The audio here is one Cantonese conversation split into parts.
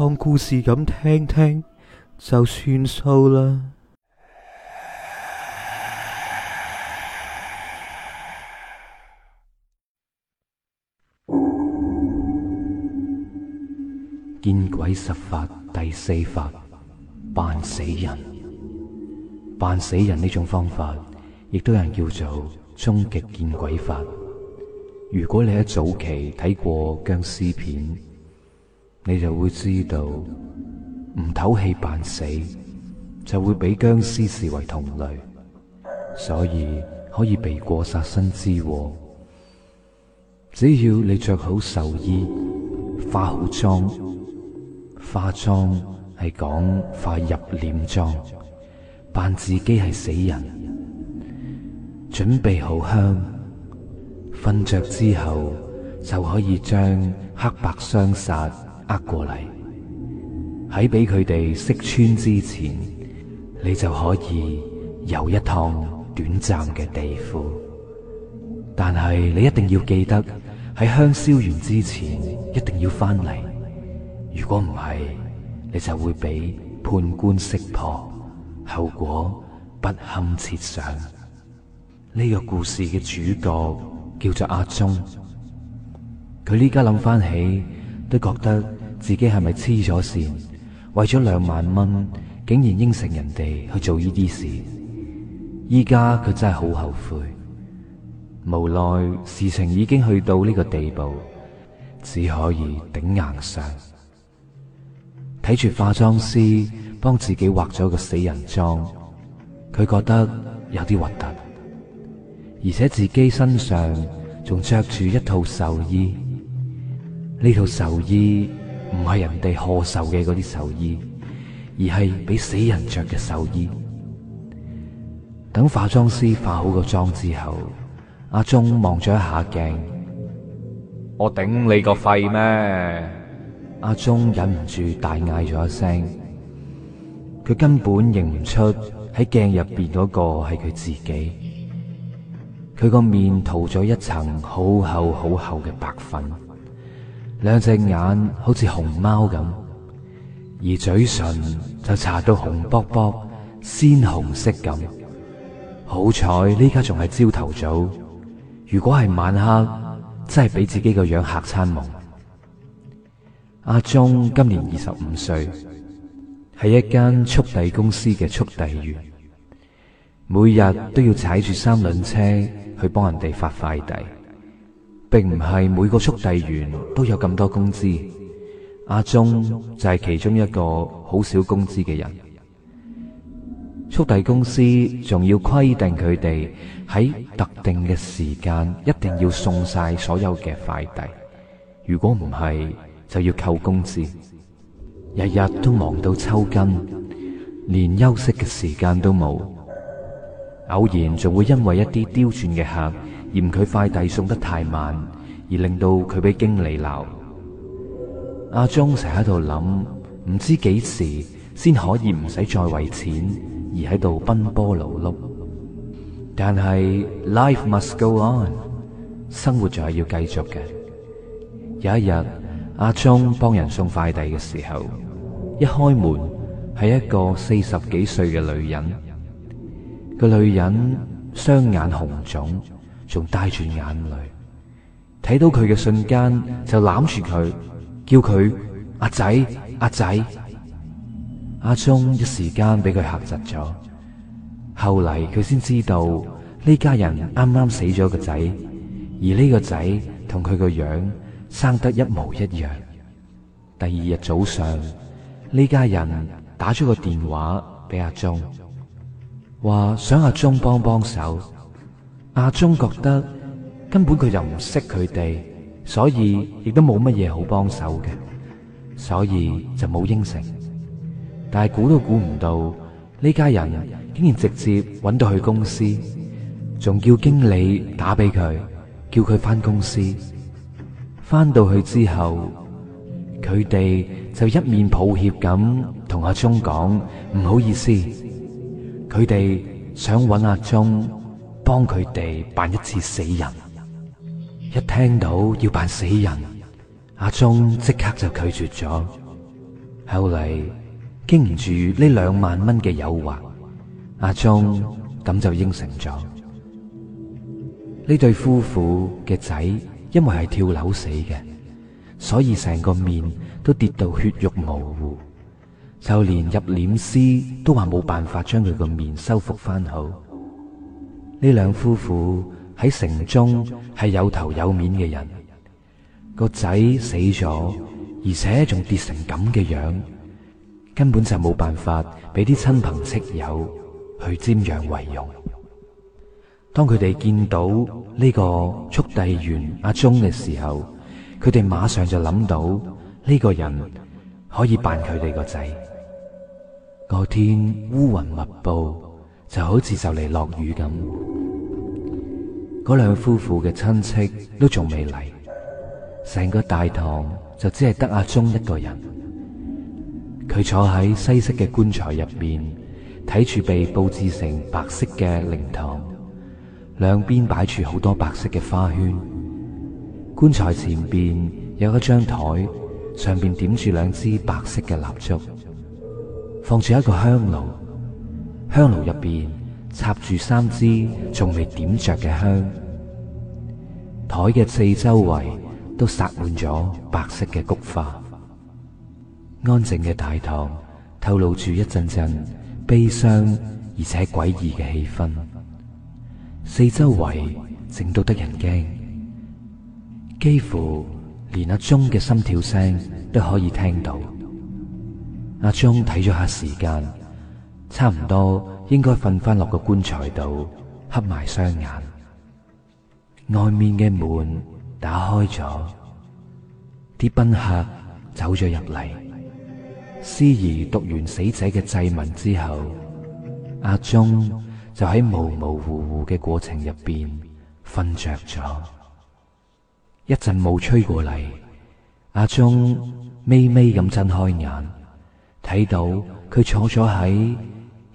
當故事咁聽聽就算數啦。見鬼十法第四法，扮死人。扮死人呢種方法，亦都有人叫做終極見鬼法。如果你喺早期睇過殭屍片。你就會知道，唔唞氣扮死就會俾僵屍視為同類，所以可以避過殺身之禍。只要你着好壽衣，化好妝，化妝係講化入殮妝，扮自己係死人，準備好香，瞓着之後就可以將黑白雙殺。呃、過嚟喺俾佢哋識穿之前，你就可以遊一趟短暫嘅地府。但係你一定要記得喺香燒完之前一定要翻嚟。如果唔係，你就會俾判官識破，後果不堪設想。呢個故事嘅主角叫做阿忠，佢呢家諗翻起都覺得。自己係咪黐咗線？為咗兩萬蚊，竟然應承人哋去做呢啲事。依家佢真係好後悔，無奈事情已經去到呢個地步，只可以頂硬上。睇住化妝師幫自己畫咗個死人妝，佢覺得有啲核突，而且自己身上仲着住一套壽衣，呢套壽衣，唔係人哋賀壽嘅嗰啲壽衣，而係俾死人着嘅壽衣。等化妝師化好個妝之後，阿忠望咗一下鏡，我頂你個肺咩？阿忠忍唔住大嗌咗一聲，佢根本認唔出喺鏡入邊嗰個係佢自己，佢個面塗咗一層好厚好厚嘅白粉。兩隻眼好似熊貓咁，而嘴唇就搽到紅卜卜、鮮紅色咁。好彩呢家仲係朝頭早，如果係晚黑，真係俾自己個樣嚇餐懵。阿忠今年二十五歲，係一間速遞公司嘅速遞員，每日都要踩住三輪車去幫人哋發快遞。並唔係每個速遞員都有咁多工資，阿忠就係其中一個好少工資嘅人。速遞公司仲要規定佢哋喺特定嘅時間一定要送晒所有嘅快遞，如果唔係就要扣工資。日日都忙到抽筋，連休息嘅時間都冇，偶然仲會因為一啲刁鑽嘅客，嫌佢快遞送得太慢，而令到佢俾經理鬧。阿忠成日喺度諗，唔知幾時先可以唔使再為錢而喺度奔波勞碌。但係 Life must go on，生活就係要繼續嘅。有一日，阿忠幫人送快遞嘅時候，一開門係一個四十幾歲嘅女人。個女人雙眼紅腫。仲帶住眼淚，睇到佢嘅瞬間就攬住佢，叫佢阿仔阿仔，阿忠一時間俾佢吓窒咗。後嚟佢先知道呢家人啱啱死咗個仔，而呢個仔同佢個樣生得一模一樣。第二日早上，呢家人打咗個電話俾阿忠，話想阿忠幫幫手。阿忠覺得根本佢又唔識佢哋，所以亦都冇乜嘢好幫手嘅，所以就冇應承。但係估都估唔到，呢家人竟然直接揾到佢公司，仲叫經理打俾佢，叫佢翻公司。翻到去之後，佢哋就一面抱歉咁同阿忠講唔好意思，佢哋想揾阿忠。幫佢哋扮一次死人，一聽到要扮死人，阿忠即刻就拒絕咗。後嚟經唔住呢兩萬蚊嘅誘惑，阿忠咁就應承咗。呢對夫婦嘅仔因為係跳樓死嘅，所以成個面都跌到血肉模糊，就連入殮師都話冇辦法將佢個面修復翻好。呢兩夫婦喺城中係有頭有面嘅人，個仔死咗，而且仲跌成咁嘅樣，根本就冇辦法俾啲親朋戚友去瞻仰遺容。當佢哋見到呢個速遞員阿忠嘅時候，佢哋馬上就諗到呢個人可以扮佢哋個仔。嗰天烏雲密布。就好似就嚟落雨咁，嗰兩夫婦嘅親戚都仲未嚟，成個大堂就只係得阿忠一個人。佢坐喺西式嘅棺材入邊，睇住被布置成白色嘅靈堂，兩邊擺住好多白色嘅花圈。棺材前邊有一張檯，上邊點住兩支白色嘅蠟燭，放住一個香爐。香爐入邊插住三支仲未點着嘅香，台嘅四周圍都撒滿咗白色嘅菊花。安靜嘅大堂透露住一陣陣悲傷而且詭異嘅氣氛，四周圍靜到得人驚，幾乎連阿鐘嘅心跳聲都可以聽到。阿鐘睇咗下時間。差唔多應該瞓翻落個棺材度，瞌埋雙眼。外面嘅門打開咗，啲賓客走咗入嚟。司儀讀完死者嘅祭文之後，阿忠就喺模模糊糊嘅過程入邊瞓着咗。一陣霧吹過嚟，阿忠微微咁睜開眼，睇到佢坐咗喺。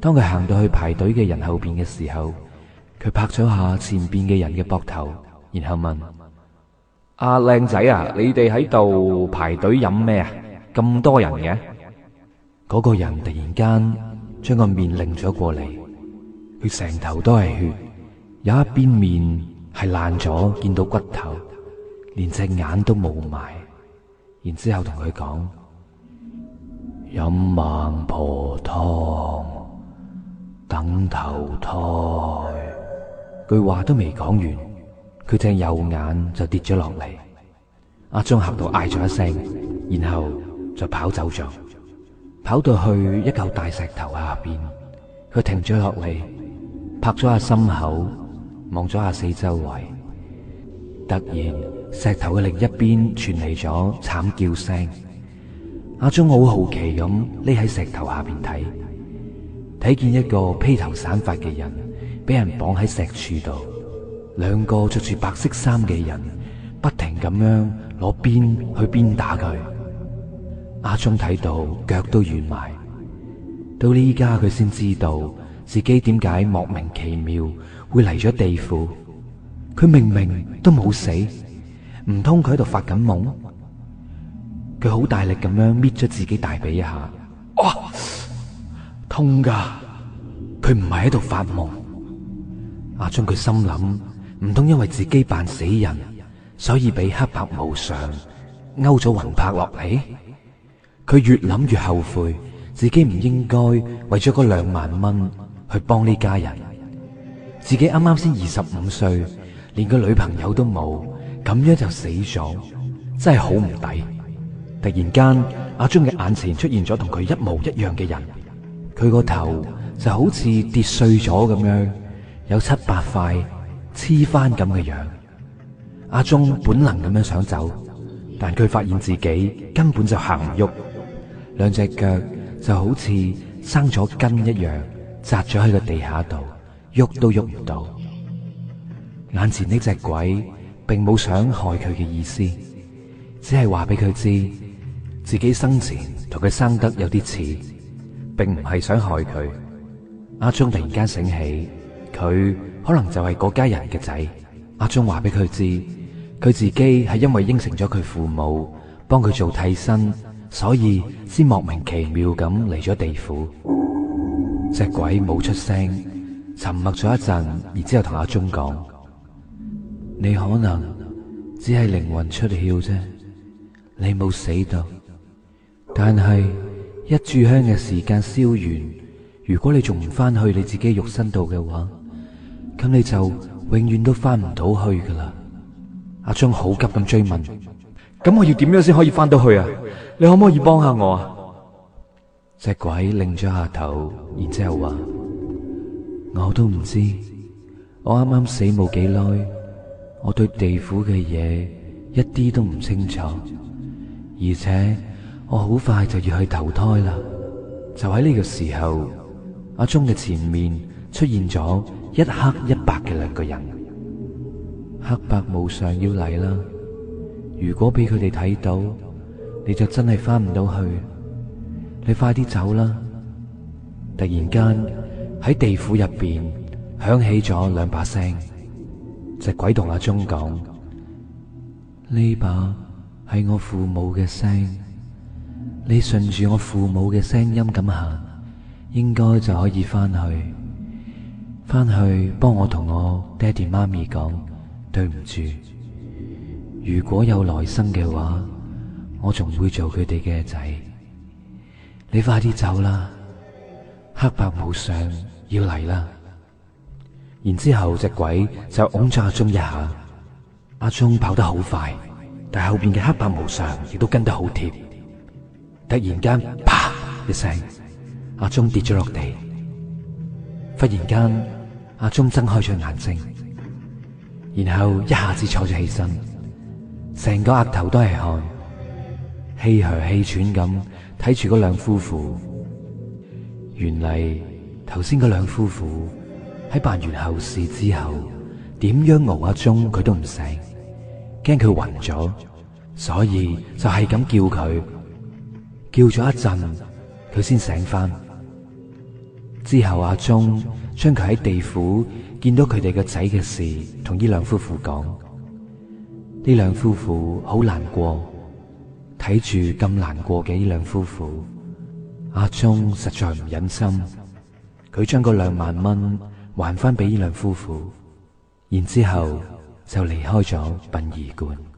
當佢行到去排隊嘅人後邊嘅時候，佢拍咗下前邊嘅人嘅膊頭，然後問：阿靚仔啊，你哋喺度排隊飲咩啊？咁多人嘅。嗰個人突然間將個面擰咗過嚟，佢成頭都係血，有一邊面係爛咗，見到骨頭，連隻眼都冇埋。然之後同佢講：飲孟婆湯。等投胎。句話都未講完，佢隻右眼就跌咗落嚟。阿張吓到嗌咗一聲，然後就跑走咗，跑到去一嚿大石頭下邊，佢停咗落嚟，拍咗下心口，望咗下四周圍，突然石頭嘅另一邊傳嚟咗慘叫聲，阿張好好奇咁匿喺石頭下邊睇，睇見一個披頭散髮嘅人，俾人綁喺石柱度，兩個着住白色衫嘅人，不停咁樣攞鞭去鞭打佢。阿聰睇到腳都軟埋，到呢家佢先知道自己點解莫名其妙會嚟咗地府。佢明明都冇死，唔通佢喺度發緊夢？佢好大力咁樣搣咗自己大髀一下，哇！空噶，佢唔係喺度發夢。阿張佢心諗，唔通因為自己扮死人，所以俾黑白無常勾咗魂魄落嚟？佢越諗越後悔，自己唔應該為咗嗰兩萬蚊去幫呢家人。自己啱啱先二十五歲，連個女朋友都冇，咁樣就死咗，真係好唔抵。突然間，阿張嘅眼前出現咗同佢一模一樣嘅人。佢個頭就好似跌碎咗咁樣，有七八塊黐翻咁嘅樣。阿忠本能咁樣想走，但佢發現自己根本就行唔喐，兩隻腳就好似生咗根一樣，扎咗喺個地下度，喐都喐唔到。眼前呢隻鬼並冇想害佢嘅意思，只係話俾佢知自己生前同佢生得有啲似。並唔係想害佢，阿忠突然間醒起，佢可能就係嗰家人嘅仔。阿忠話俾佢知，佢自己係因為應承咗佢父母幫佢做替身，所以先莫名其妙咁嚟咗地府。隻鬼冇出聲，沉默咗一陣，然之後同阿忠講：你可能只係靈魂出竅啫，你冇死到，但係。一炷香嘅時間燒完，如果你仲唔翻去你自己肉身度嘅話，咁你就永遠都翻唔到去㗎喇。阿張好急咁追問：咁、啊、我要點樣先可以翻到去啊？你可唔可以幫下我啊？隻鬼擰咗下頭，然之後話：我都唔知，我啱啱死冇幾耐，我對地府嘅嘢一啲都唔清楚，而且。我好快就要去投胎啦！就喺呢個時候，阿忠嘅前面出現咗一黑一白嘅兩個人，黑白無常要嚟啦！如果俾佢哋睇到，你就真係翻唔到去。你快啲走啦！突然間喺地府入邊響起咗兩把聲，隻鬼同阿忠講：呢把係我父母嘅聲。你順住我父母嘅聲音咁行，應該就可以翻去。翻去幫我同我爹哋媽咪講對唔住。如果有來生嘅話，我仲會做佢哋嘅仔。你快啲走啦！黑白無常要嚟啦。然之後隻鬼就拱咗阿忠一下，阿忠跑得好快，但後邊嘅黑白無常亦都跟得好貼。突然間，啪一聲，阿忠跌咗落地。忽然間，阿忠睜開咗眼睛，然後一下子坐咗起身，成個額頭都係汗，氣噓氣喘咁睇住嗰兩夫婦。原嚟頭先嗰兩夫婦喺辦完後事之後，點樣熬阿忠佢都唔醒，驚佢暈咗，所以就係咁叫佢。叫咗一陣，佢先醒翻。之後阿忠將佢喺地府見到佢哋嘅仔嘅事，同呢兩夫婦講。呢兩夫婦好難過，睇住咁難過嘅呢兩夫婦，阿忠實在唔忍心，佢將個兩萬蚊還翻俾呢兩夫婦，然之後就離開咗殯儀館。